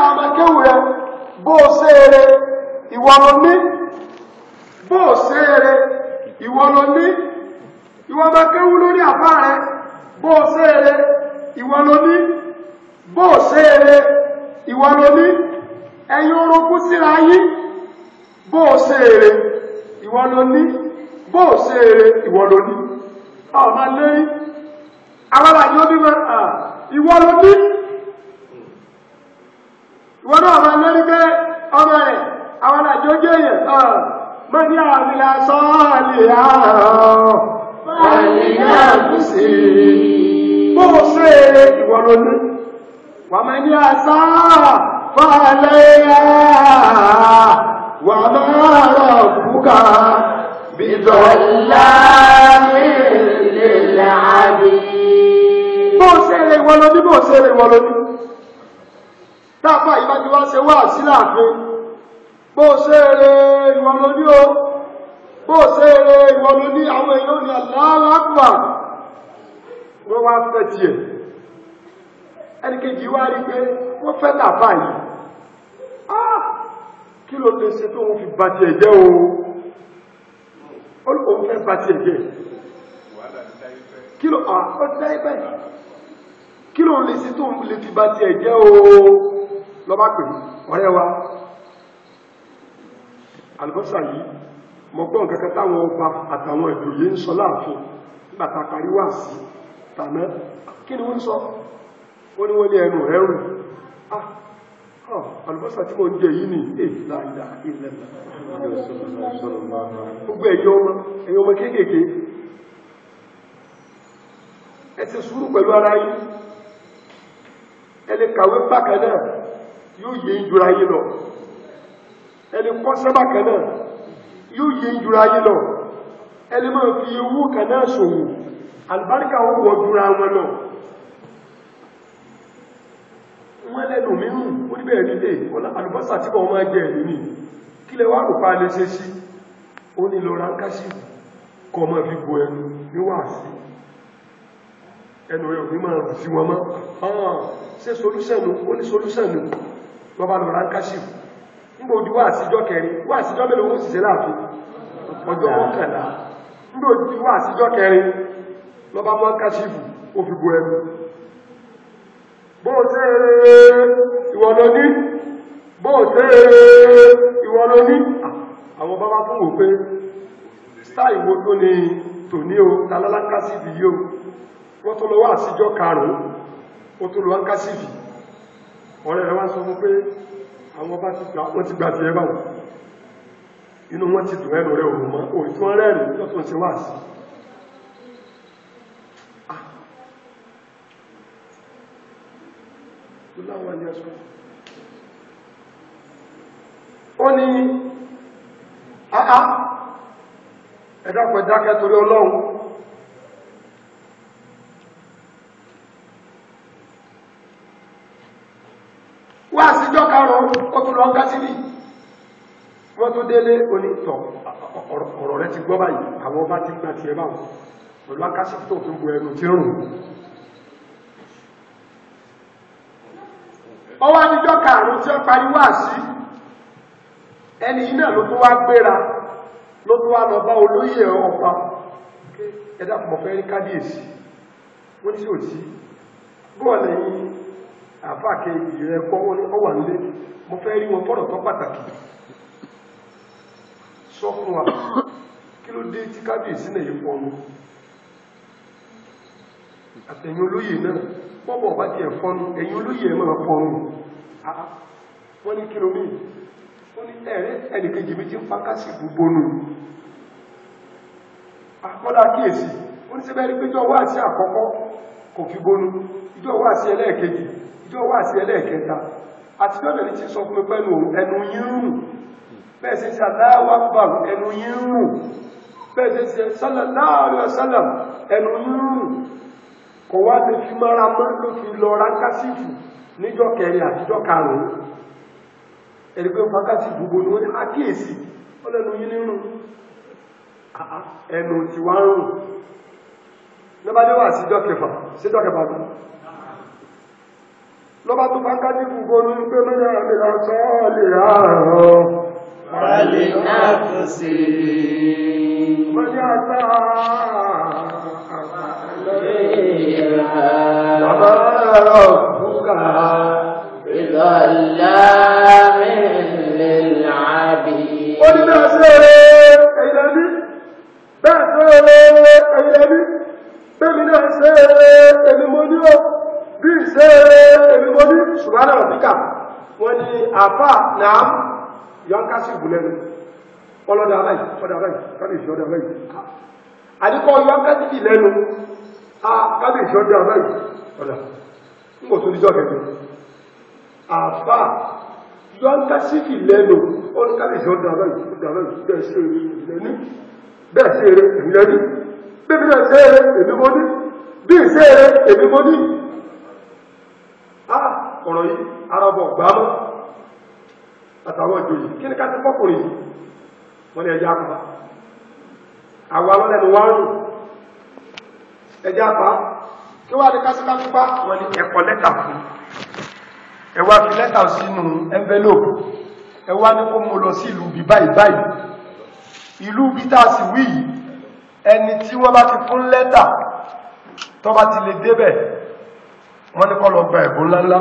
àwọn ọmọ kéwù rẹ bó o ṣe eré ìwọ ló ní bó o ṣe eré ìwọ ló ní ìwọ ọmọ kéwù lórí àbá rẹ bó o ṣe eré ìwọ ló ní bó o ṣe eré ìwọ ló ní ẹ̀yin orogún síra yín bó o ṣe ìwọ ló ní bó o ṣe ìwọ ló ní ọmọ lẹ́yìn abala yóò bímọ ìwọ ló ní ìwọ́n náà máa lórí pé ọmọ rẹ̀ àwọn àjọjọ́ èèyàn mọ́ ní àmì lásán àlè àárọ̀ wáyé náà kù sí i. bó o ṣe eré ìwọ ló ní máa ní àṣà fàlẹ́ yá wàá máa rọ̀ bùkà bìdọ̀lá mi lè láàbì. bó ṣe ìwọ ló bó ṣe ìwọ ló táàpá yìí bá ti wá ṣe wá sí láàfin bó o ṣe eré ìwọ ló ní o bó o ṣe eré ìwọ ló ní àwọn èèyàn ní àlàáfà wọ́n wá fẹ́ tiẹ̀ ẹnìkejì wá rí pé wọ́n fẹ́ tàbá yìí ah! kí ló lè ṣe tó ń fi ba tiẹ̀ jẹ́ o olùkọ́ fẹ́ ba tiẹ̀ jẹ́ kí ló ah, lè ṣe tó ń fi ba tiẹ̀ jẹ́ o. lọ bá pè ọ̀rẹ́ wa àlùbọ́sà yìí mọ̀ gbọ́n kankan ọba àtàwọn ìdòyè ń sọ láàfin nígbà tá sí tàná kí ni wọ́n sọ ó ní wọ́n ní ẹnu rẹ̀ rùn ah, ah, àlùbọ́sà tí mo ń jẹ yìí ni eh, èèlàìlà ẹ ti sùúrù pẹ̀lú ara yìí ẹ lè kàwé náà yóò yé ìjura yìí lọ ẹni kọ́ sábà kan náà yóò yé ìjura yìí lọ ẹni máa fi owó kan náà ṣòwò àlùbáríkà ó wọ jura wọn lọ wọ́n lẹ́nu mìíràn ó níbẹ̀ nílé àlùbọ́sà tí wọ́n máa jẹ ìlú mi kí lẹ wá rò pa lè ṣe sí ó ní lọ ránkásí kọ mọ́ fi bo ẹnu ní wà sí ẹnu rẹ̀ ò ní máa rù sí wọn mọ́ ah, ṣe solúṣẹ̀nù ó ní solúṣẹ̀nù tó bá lọ ránkásìf nígbà ojú wà síjọ́ kẹrin wà síjọ́ mélòó wọ́n ṣiṣẹ́ láàfin ọjọ́ mọ́kànlá nígbà ojú wà síjọ́ kẹrin lọ bá mọ́kásìf ó fi bo ẹnu bóò ṣe ìwọ̀n lọ ní bóò ṣe ìwọ̀n lọ ní àwọn bá wá fún wò pé stáì wo tó ni tòní o találákásìfì yìí o wọ́n tó lọ wá síjọ́ karùn-ún ó tó lọ ránkásìfì ọ̀rẹ́ rẹ̀ wá sọ fún pé àwọn bá ti gbà wọ́n ti gbà ti ẹbà wọ́n inú wọ́n ti dùn ẹnu rẹ̀ òun mọ́ òtún ọ̀rẹ́ rẹ̀ lọ́tún sí wà sí ó ní àá ẹ̀dàpẹ̀dákẹ́ torí ọlọ́run karùn-ún ó tún lọ kátìlì wọ́n tó délé onítọ̀ ọ̀rọ̀ rẹ ti gbọ́ báyìí àwọn ọba ti gbà tiẹ̀ báwọn pẹ̀lú akásítọ̀ tó gbọ́ ẹnu tí rùn ọwọ́ adijọ́ karùn-ún tí ó parí wá sí ẹni iná ló tó wá gbéra ló tó wá lọ bá olóyè ọ̀pá ẹ̀dá pọ̀ rí kábíyèsí wọ́n ní sí òtí àfáà kejì rẹ kọ́ ọwà nílé mo fẹ́ rí wọn fọ́rọ̀ tó pàtàkì sọ fún wa kí ló dé tí kábíyèsí náà yìí pọnu àtẹ̀yìn olóyè náà pọ́pọ̀ bá ti ẹ̀fọ́nu ẹ̀yìn olóyè ẹ̀ máa pọnu wọ́n ní kìlómí wọ́n ní ẹ̀rẹ́ ẹnìkejì ń akọ́lá kíyèsí ó ní pé wá sí àkọ́kọ́ kò fi ìjọ wá sí ẹlẹ́ẹ̀kejì ìjọ wà sí ẹlẹ́ẹ̀kẹta àti lọ́dẹ̀ ní ti sọ pé pẹ́lú ẹnu yírùn bẹ́ẹ̀ sí sí aláwà ń bàrù ẹnu yírùn bẹ́ẹ̀ sí sí sálàláàrẹ sálàm ẹnu yírùn kò wá lè fi mọ́ra mọ́ ló fi lọ rákásìtù níjọ́ kẹrin àtijọ́ karùn-ún ẹ̀rí pé fákàtì gbogbo ni wọ́n ní àkíyèsí ó lẹ́nu yín ẹnu ti wá ń rùn lọ́bàdé wà síjọ́ kẹfà síjọ́ kẹfà lọ́ba tó bá kájí gbogbo ní pé mẹ́rin àmì àtọ́ lè àrùn wàlè àtúnṣe mẹ́rin àtà bẹ́ẹ̀ sí ọ̀rẹ́ ẹ̀yẹ̀bí, bẹ́ẹ̀ bẹ́ẹ̀ mi náà sí ọ̀rẹ́ bí ṣe èmìkò ní ṣùgbọ́n ọ̀díkà wọ́n ni àfà náà yọ́nká sí ìgbùlẹ́nu ọlọ́dà aláì ọdà aláì kábíyèsí ọdà aláì àdíkọ́ yọ́nká sí ìlẹ́nu kábíyèsí ọdà aláì ọdà ń kò tún díjọ́ kẹfẹ́ àfà yọ́nká sí ìlẹ́nu ọdún kábíyèsí ọdà aláì ọdà aláì bẹ́ẹ̀ ṣe ìlẹ́nu bẹ́ẹ̀ ṣe ìlẹ́nu bẹ́ẹ̀ ṣe ìlẹ́nu bí ṣe ìlẹ́nu ọ̀rọ̀ yìí ara ọbọ̀ gbámọ́ àtàwọn ìjò yìí kí ní ká ti fọ́kùnrin yìí wọ́n ni ẹja àpá àwọn alọ́lẹ́nu wá rùn ẹja àpá kí wá ní kásíká pípa wọ́n ni ẹ̀kọ́ lẹ́tà fún ẹ wá fi lẹ́tà sínú envelope ẹ wá ní kó mú lọ sí ìlú bí báyìí báyìí ìlú bí tá a sì wí yìí ẹni tí wọ́n bá ti fún lẹ́tà tó ti lè débẹ̀ wọ́n ní kó lọ gba ẹ̀bùn ńláńlá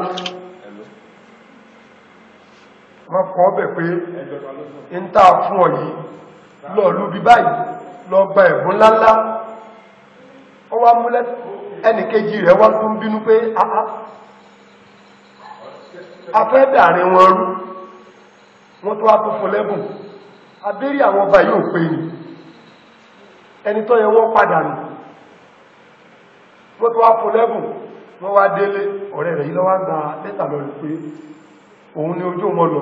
wọ́n fọ́ ọ́bẹ̀ pé ń tà fún ọ yìí lọ lú bí báyìí lọ gba ẹ̀bùn ńláńlá ó wá múlẹ̀ ẹnìkejì rẹ̀ wá tún bínú pé afẹ́ ah, ah. dàrin wọn rú wọ́n tó wá tó fún lẹ́bùn abẹ́rí àwọn ọba yóò pé ní ẹni tó yẹ wọ́n padà nù wọ́n tó wá fún lẹ́bùn wọ́n wá délé ọ̀rẹ́ rẹ̀ yí lọ́wọ́ gba lẹ́tà lọ́rẹ̀ pé òun ni ojú ọmọ lọ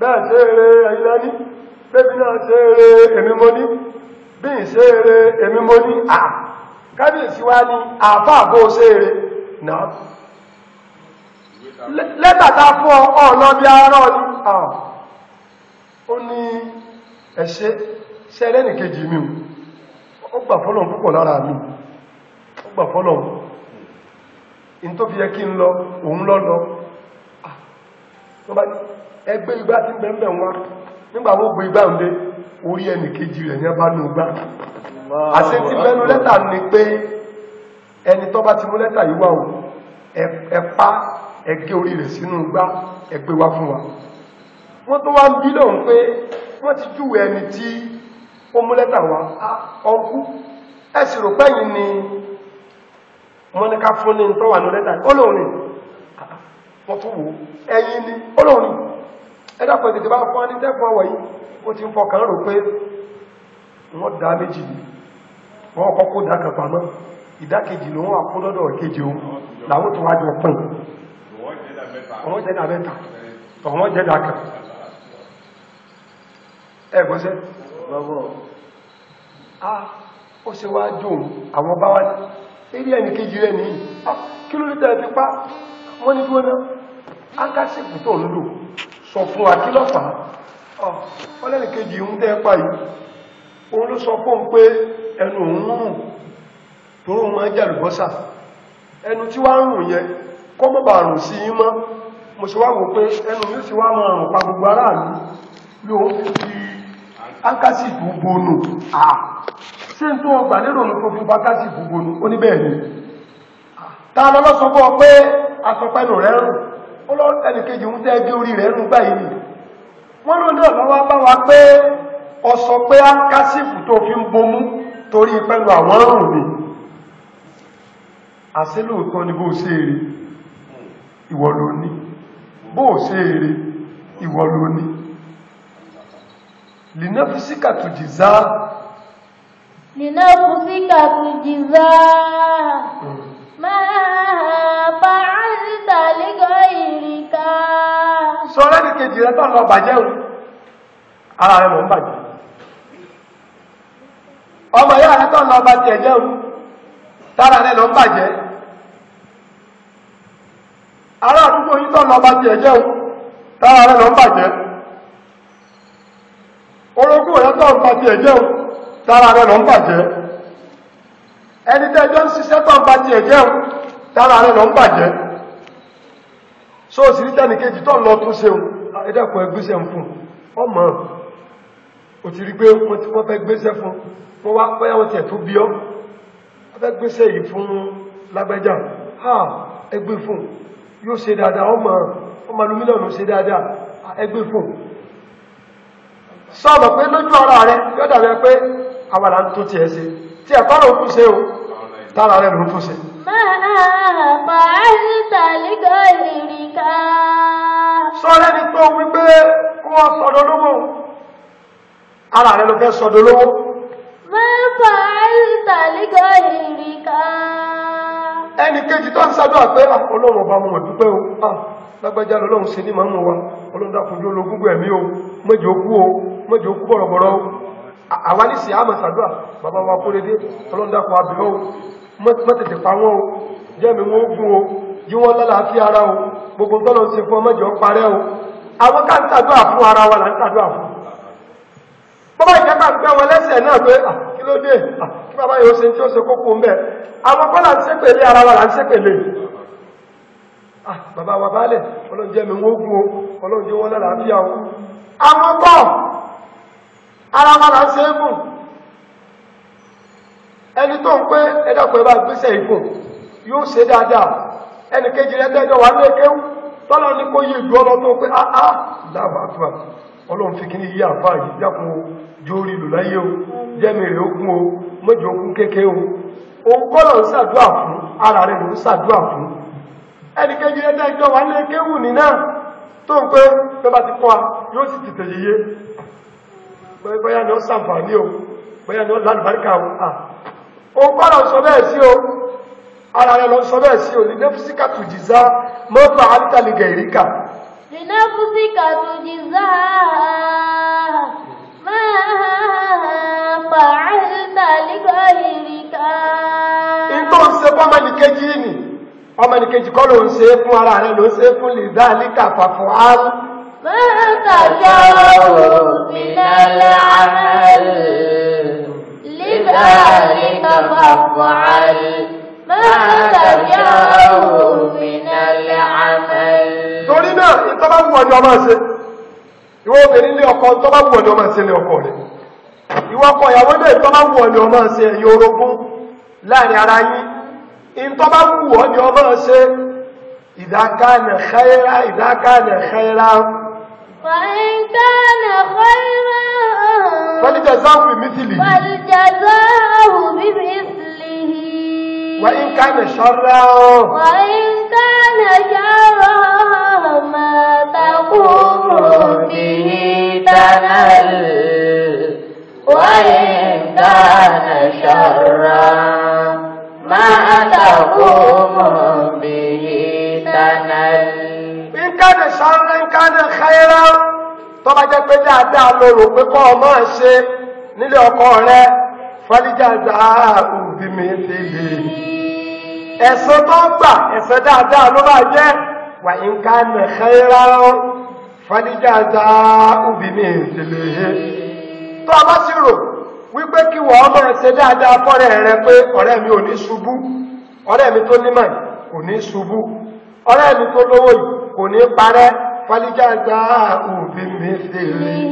bẹ́ẹ̀ ṣe eré ayílání bébí náà ṣe eré èmi mo ní bí i ṣe eré èmi mo ní à kábíyèsí wá ní àbá àbó ṣe eré náà lẹ́tàtà fún ọ̀nà bí ara ọ̀nà ó ní ẹ̀ṣẹ́ ṣẹlẹ́ nìkejì mi ó gbà fọ́lọ̀ púpọ̀ lára mi ó gbà fọ́lọ̀ in tó fi yẹ kí lọ òun lọ́lọ́ ẹgbẹ́ igbá tí bẹ̀m̀bẹ̀ wá nígbà wọ́n gbé igbá ǹdẹ́ orí ẹnì kejì rẹ̀ yẹn bá nù gbá àṣẹ tí bẹnu lẹ́tà ni pé ẹni tó bá ti mú lẹ́tà yìí wá o ẹ̀pá ẹ̀gẹ́ orí rẹ̀ sínú gbá ẹgbẹ́ wá fún wa wọ́n tó wá ń bí lóhun pé wọ́n ti júwe ẹni tí ó mú lẹ́tà wá ah, ọkú ẹ̀sìn rò pẹ́yìn ni wọ́n ní ká fún ní tọ́wà ní lẹ́tà ó lóhun ni wọ́n ah, ah, tó wò ẹ̀yìn ni ó lóhun ni ẹ̀dàpọ̀ tètè bá fún anítẹ́kùn ọwọ̀ yìí ó ti ń fọkàn rò pé wọ́n dá méjì ní wọ́n kọ́kọ́ dákan pamọ́ ìdákejì ló wọ́n àkúndọ́dọ̀ kéje ohun làwọn tó wájú pín ọ̀wọ́n jẹ́dà mẹ́ta ọ̀wọ́n jẹ́dà kan ẹgbọ́sẹ́ ó ṣe wá dùn àwọn bá wá eré ẹni kéjì rẹ̀ ní ah, kí ló lítẹ̀ fi pa wọ́n ní gbóná ákásìkù tó ń lò sọ fún wa kí ló fà á ah, ọlẹ́nìkejì ń tẹ́ pa yìí òun ló sọ fún pé ẹnu òun rùn tó rùn máa jẹ́ àlùbọ́sà ẹnu tí wá ń rùn yẹn kọ́ mọ́ bà rùn sí yí mọ́ mo ṣe wá wò pé ẹnu yóò sì wá mọ́ rùn pa gbogbo aráàlú yóò fi ákásì gbogbo nù ah, ṣe ah, ń tó ọgbà lérò ní tó fi bákásì gbogbo nù ta lọ́lọ́sọ pé asọpẹ́nu rẹ̀ rùn ọlọ́rẹ́nìkejì ń tẹ́ gé orí rẹ̀ nù báyìí ni wọ́n ló náà lọ́wọ́ bá wa pé ọsọ pé á kásìfù tó fi ń bomú torí pẹ̀lú àwọn ọ̀rùn mi àṣílòótọ́ ni bó ṣe rí ìwọ ló ní bó ṣe rí ìwọ tó jìzá lìnáfíṣíkà máa sọ lẹ́nì kejì rẹ tọ́lọ bàjẹ́ o ara rẹ mọ̀ ń bàjẹ́ ọmọ yóò rẹ tọ́lọ bá tiẹ̀ jẹ́ o tára rẹ lọ ń bàjẹ́ ara àdúgbò yìí tọ́lọ bá tiẹ̀ jẹ́ o tára rẹ lọ ń bàjẹ́ orogún rẹ tọ́lọ bá tiẹ̀ jẹ́ o tára rẹ lọ ń bàjẹ́ ẹni tẹ́jọ́ ń ṣiṣẹ́ tọ́lọ bá tiẹ̀ jẹ́ o tára rẹ lọ ń bàjẹ́ so òsìrí tẹ́nìkejì tó lọ tún ṣeun ẹ̀dẹ́kùn ẹgbẹ́sẹ̀ ń fún ọmọ ò ti rí pé wọ́n fẹ́ gbéṣẹ́ fún wọ́n wá pẹ́ wọ́n tẹ̀ tó bí ọ́ wọ́n fẹ́ gbéṣẹ́ yìí fún lágbẹ́jà ha ẹgbẹ́ fún yóò ṣe dáadáa ọmọ ọmọ alumílíọ̀nù ṣe dáadáa ẹgbẹ́ fún sọ́ọ̀mọ̀ pé lójú ara rẹ̀ yóò dàbẹ̀ pé àwàlà tó tiẹ̀ ṣe tí ẹ̀kọ́ ló tún ṣe o tára rẹ̀ ló tún ṣe. máa pàṣítà lẹ́gọ̀ọ́ ìrìnkà ọ̀rẹ́ ni tó wípé kó wọ́n sọ̀dọ̀ lówó ara rẹ̀ ló fẹ́ sọ̀dọ̀ lówó. mẹ́fà àìsàlígà ìrìkà. ẹnì kejì tó ń ṣàdúrà pé ah, ọlọ́run ọba mo dúpẹ́ o ah, lágbájá lọ́lọ́run ṣe ní màmú wa ọlọ́run dákun jó lógún gbẹ̀mí o mẹ́jọ kú o mẹ́jọ kú bọ̀rọ̀bọ̀rọ̀ o àwa ní sì àmọ̀ ṣàdúrà bàbá wa kó dédé ọlọ́run dákun abẹ́ o mọ́tètè pa wọ́n o jẹ́mi wọ́n gún o jí wọ́n lálàáfíà ara o gbogbo tọ́lọ̀ ń ṣe fún ọmọ ìjọ parẹ́ o àwọn ká ń tàdúrà fún ara wa là ń tàdúrà fún bọ́bá ìjẹ́pà ń pẹ́ wọn lẹ́sẹ̀ náà pé ah, kí ló dé ah, kí bàbá yóò ṣe tí ó ṣe kókó ń bẹ̀ àwọn kọ́ là ń ṣépèlé ara wa là ń ṣépèlé ah, bàbá wa bálẹ̀ ọlọ́run jẹ́ mi wọ́n gún o ọlọ́run jẹ́ wọ́n lálàáfíà o àwọn kọ́ ara wa là ń ṣe é gùn ẹni tó ń pé ẹ̀dàkùn ẹ bá gbéṣẹ́ ìfò yóò ṣe dáadáa ẹni kejì rẹ̀ tẹ́jọ́ wà ní ẹkẹ́wù tọ́lọ́ ní kó yí ìlú tó pé áá láàbà àtúwà ọlọ́run fi kíní yí àfáà yìí dákun láyé o jẹ́mìrì oku o mọ́jọ o òun kọ́lọ̀ ń fún ara rẹ̀ fún kejì wà ní tó ń pé ti kọ́ a yóò o bóyá ni ó lálùbáríkà o ah. òun kọ́lọ̀ sọ bẹ́ẹ̀ sí o ara rẹ̀ lọ sọ bẹ́ẹ̀ sí òní nẹ́fúsíkà tó jìzá mọ́tò àtàlẹ̀gẹ̀ ìríkà. nẹ́fúsíkà tó jìzá máa pa àtàlẹ̀gẹ̀ ìríkà. ìgbọ́ ń ṣe fọ́mọ nìkejì ni ọmọ nìkejì kọ́ ló ń ṣe fún ara rẹ̀ ló ń ṣe fún lìzá àlíkà fàfọ́ àrùn. Máa tàjọ́ òun mi lálẹ́ àmàlẹ́. لذلك فافعل torí náà ìtọ́bá wù ọjọ́ máa ṣe ìwọ obìnrin lé ọkọ ìtọ́bá wù ọjọ́ máa ṣe lé ọkọ rẹ̀ ìwọ ọkọ ìyàwó náà ìtọ́bá wù ọjọ́ máa ṣe ẹ̀yọ orogún láàrin ara yín ìtọ́bá wù ọjọ́ máa ṣe ìdákànà xẹ́ra ìdákànà xẹ́ra. وإن كان شرا وإن كان شرا ما تقوم به تنل وإن كان شرا ما تقوم به تنل إن كان شرا إن كان خيرا tó bá jẹ́ pé dáadáa ló rò pé kọ́ ọmọ ṣe nílé ọkọ rẹ fọ́líjà dáa òbí mi ti lè ẹ̀san tó ń gbà ẹ̀san dáadáa ló bá jẹ́ wà ń ká nàìjíríà fanidada obìnrin ìṣẹ̀lẹ̀ tó a bá sì rò wípé kí wọ́n ọmọ ẹ̀ṣẹ̀ dáadáa fọ́rẹ̀ rẹ pé ọ̀rẹ́ mi ò ní ṣubú ọ̀rẹ́ mi tó nímọ̀ kò ní ṣubú ọ̀rẹ́ mi tó lówó yìí kò ní parẹ́ fanidada obìnrin ìṣẹ̀lẹ̀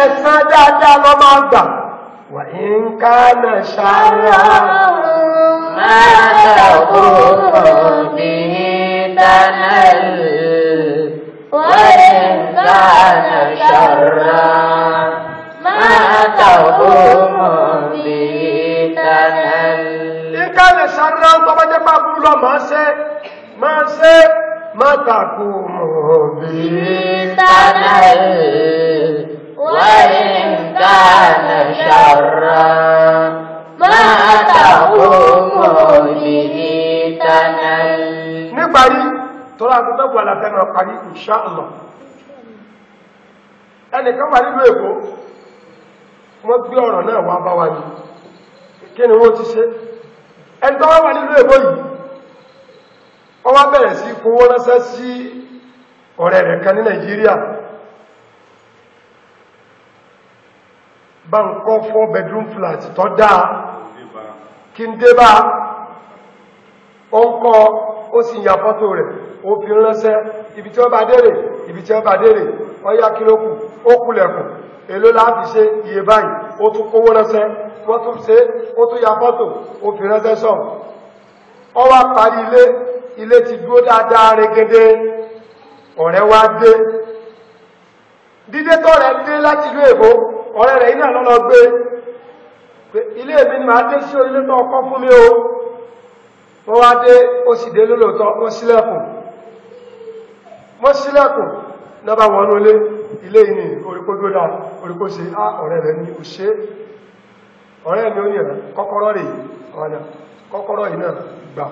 ẹ̀san dáadáa lọ máa gbà wà ń ká nàìjíríà. lọ máa ṣẹ́ máa ṣẹ́ máa tàkù mọ̀ bí tánà ẹ̀ wọ́n ń tánà ṣàrà máa tàkù mọ̀ bí tánà ẹ̀. níparí tọ́lá agbẹ́gbẹ́ alàtẹ́nà parí insha Allah ẹnìkan wà nílùú èkó wọ́n gbé ọ̀rọ̀ náà wá bá wa ní kí ni wọ́n ti ṣe ẹni wà nílùú èkó yìí ó wá bẹ̀rẹ̀ sí fowó ránṣẹ́ sí ọ̀rẹ́ rẹ̀ kan ní nàìjíríà bá ń kọ́ four bedroom flat tó dáa kí ń dé bá ó ń kọ́ ó sì ya fọ́tò rẹ̀ ó fi ránṣẹ́ ibi tí ó bá dèrè ibi tí ó bá dèrè ọya kí ló kù ó kulẹ̀kùn èló láti ṣe iye báyìí ó tún kówó ránṣẹ́ wọ́n tún ṣe ó tún ya fọ́tò ó fi ránṣẹ́ sọ ọ wá parí ilé ilé ti dúró dáadáa regede ọ̀rẹ́ wá dé dídé tọ́rẹ dé láti ìlú èbó ọ̀rẹ́ rẹ̀ iná lọ́lọ́ gbé ilé èmi ni màá dé sí orílẹ̀ náà kọ́ fún mi o ó wá dé ó sì dé lólòótọ́ ó sílẹ̀kùn mo sílẹ̀kùn lọ́ba wọnú ilé ilé ìní oríkó gbódà oríkó ṣe á ah, ọ̀rẹ́ rẹ̀ ní òṣè ọ̀rẹ́ mi ó ní ẹ̀rọ kọ́kọ́rọ́ rèé ọ̀nà kọ́kọ́rọ́ yìí náà gbà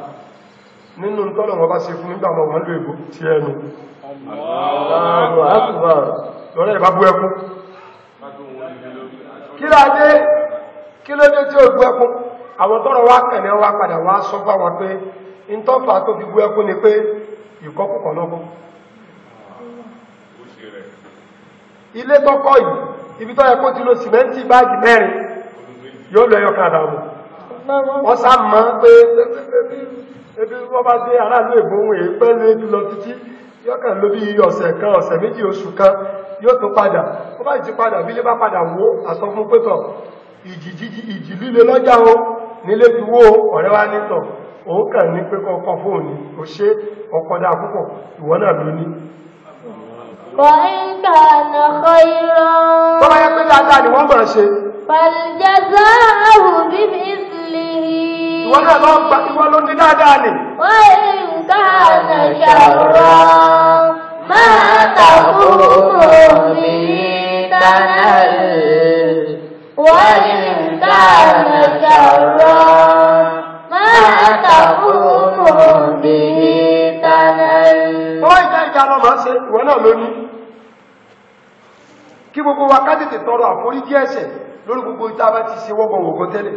nínú tọ́lọ̀ wọn bá ṣe fún nígbà wọn lò ègbò tí ẹnu lọ́rẹ́ ìbá bú ẹkún kí láàdé kí ló dé tí ó bú ẹkún àwọn tọ́rọ wá kẹ̀lẹ́ wá padà wá sọ bá wọn pé in tọ́fà tó fi bú ẹkún ni pé ìkọkùnkọ̀ lọ́kọ́ ilé tọ́kọ́ yìí ibi tọ́ ẹkún ti lo sìmẹ́ntì báàgì mẹ́rin yóò lọ ẹyọkàn àdàmù wọ́n sá mọ́ pé ebi wọ́n bá dé aráàlú ìgbóhun èyí pẹ́ lé lọ títí yọ́kà ló bí ọ̀sẹ̀ kan ọ̀sẹ̀ méjì oṣù kan yóò tó padà ó bá jí padà bí lé bá padà wó àsọ fún pẹ́tọ̀ ìjì líle lọ́jà o nílé ti wó ọ̀rẹ́ wá nítọ̀ òun kàn ní pé kọ́kọ́ fóònù ó ṣe ọkọ̀dá púpọ̀ ìwọ náà ló ni wọ́n máa ṣe. Fàlìjẹ́ sáà hù bíbí ìwọ náà lọ gba ìwọ ló ní dáadáa nì. wọ́n nǹkan ṣàrọ̀ máa tàkùrù mi dáná wọ́n nǹkan ṣàrọ̀ máa tàkùrù mi dáná. wọ́n ìjà ìjà lọ máa ṣe ìwọ náà lónìí kí gbogbo wa ká tètè tọrọ àforíjì ẹ̀ṣẹ̀ lórí gbogbo ìta bá ti ṣe wọ́gbọ̀wọ̀gbọ̀ tẹ́lẹ̀.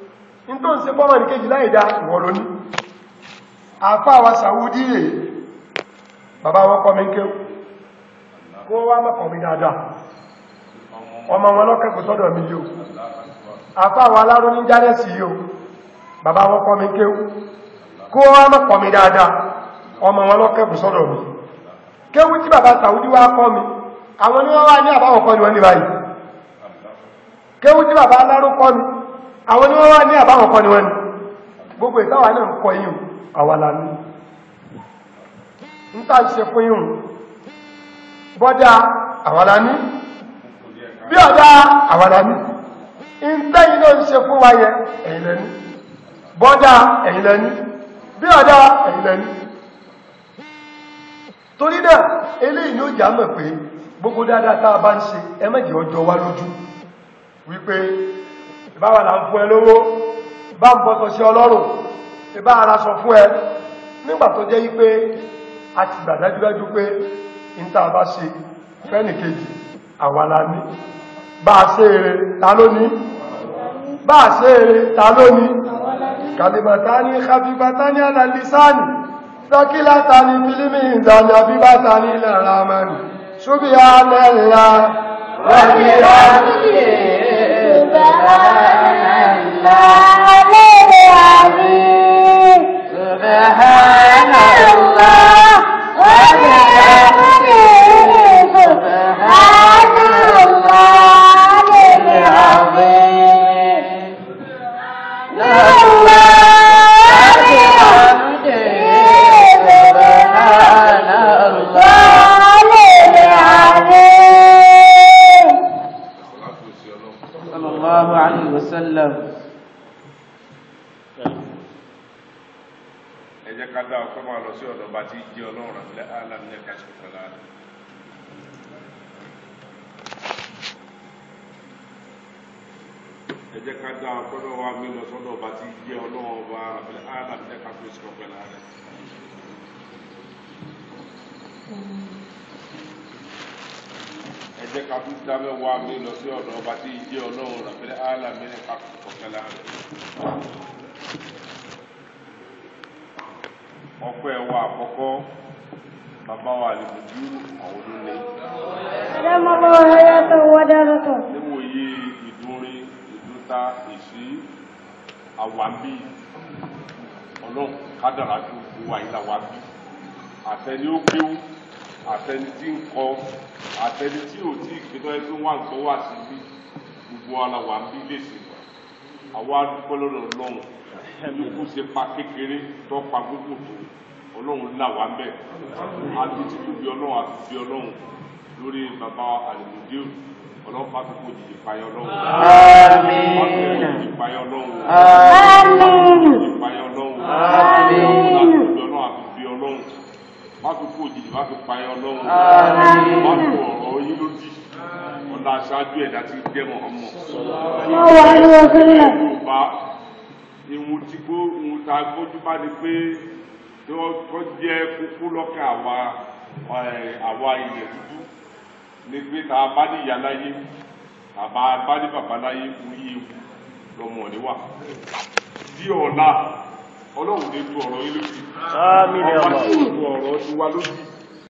ní tó ń ṣe pọ́mọ̀ ní kejì láìdá ìwọ̀rọ̀ ní àfá wa sàwúdí rẹ̀ bàbá wọn kọ́ mi ké kó wá mọ́kọ̀ mi dáadáa ọmọ wọn lọ́kẹ́kù sọ́dọ̀ mi yóò àfá wa aláró ní járẹ́sì yóò bàbá wọn kọ́ mi ké kó wá mọ́kọ̀ mi dáadáa ọmọ wọn lọ́kẹ́kù sọ́dọ̀ mi kéwú tí bàbá sàwúdí wá kọ́ mi àwọn ni ní àbáwọ̀kọ́ ni wọ́n ní báyìí kéwú tí bàbá mi àwọn ni wọ́n wá ní àbáwọn kọ́ ni wọ́n ni gbogbo ìtawà náà kọ yíò àwàlà ní ń tà ṣe fún yíò bọ́dá àwàlà ní bí ọ̀dá àwàlà ní ń tẹ́yìn náà ń ṣe fún wáyẹ ẹ̀yìn bọ́dá ẹ̀yìn bí ọ̀dá torí mọ̀ pé gbogbo dáadáa tá a bá ń ṣe ẹ wa ìbáwà là ń fún ẹ lówó ìbá ń bọ́sọ̀ sí ọlọ́run ìbá ara sọ fún ẹ nígbà tó jẹ́ wípé a ti gbà dájúdájú pé níta bá ṣe fẹ́nì kejì àwa la ní bá a ṣe eré ta ló ní bá a ṣe eré ta ló ní ní kàbìbàtà ní alàlìsáàni dákílátà ní fílímì ìdáni àbíbàtà ní ilẹ̀ ramani ṣúbíyà lẹ́rìnlá rẹ̀ سبحان الله العظيم سبحان الله lọ sọ́dọ̀ ọba tí jẹ́ ọlọ́run ọba alábìlẹ̀ káfíńsì kan pẹ̀lú ààrẹ. ẹ jẹ́ ká fún dábẹ́ wá mi lọ sí ọ̀dọ̀ ọba tí jẹ́ ọlọ́run ràbẹ́lẹ́ alábìlẹ̀ káfíńsì kan pẹ̀lú ààrẹ. ọpẹ́ wa àkọ́kọ́ bàbá wa lè fojú àwọn olóńgbò. ọ̀dọ́ mọ́kọ́ ọ̀hẹ́yà tó wọ́dà lọ́tọ̀. níwòye ìdúnrin ìdúta àwa bí ọlọ́run kádàrá tó gbogbo wa yìí làwa bí àtẹni ó kéwú àtẹni tí ń kọ àtẹni tí ò tí ì gbẹdọ ẹgbẹ wà ń sọ wà sí gbogbo wa làwa bí lèsì wa àwa dúpẹ́ lọ́dọ̀ ọlọ́run lókù pa kékeré tó pa gbogbo tó ọlọ́run làwa ń bẹ̀ àti títúbi ọlọ́run àti bí ọlọ́run lórí bàbá àlùmọ́dé ọlọ́fà kókó jìjì payọ́ lọ́wọ́. Àmín. Ọlọ́fà jìjì payọ́ lọ́wọ́. Àmín. Jìjì payọ́ lọ́wọ́. Àmín. Láti ọ̀nà àfìfì ọlọ́run. Má fi kó òjijì, má fi payọ́ lọ́wọ́. Àmín. Má fi ọ̀rọ̀ yín lójì. Ọ̀la aṣáájú ẹ̀dá ti jẹ́ mọ̀ ọmọ. Ṣọ́wọ́ ayé ọ̀sẹ̀ rẹ̀. Yorùbá ìwọ̀n tí gbó ìwọ̀n ta gbójú bá ní pé tó jẹ́ kókó lọ́kàn àwa ilẹ̀ dúdú ní tá a bá ní ìyá láyé tàbá a bá ní bàbá láyé orí ewu lọmọ ní wà bí ọ̀la ọlọ́run lè tu ọ̀rọ̀ yín lójú ọba tí ò tu ọ̀rọ̀ tiwa lójú.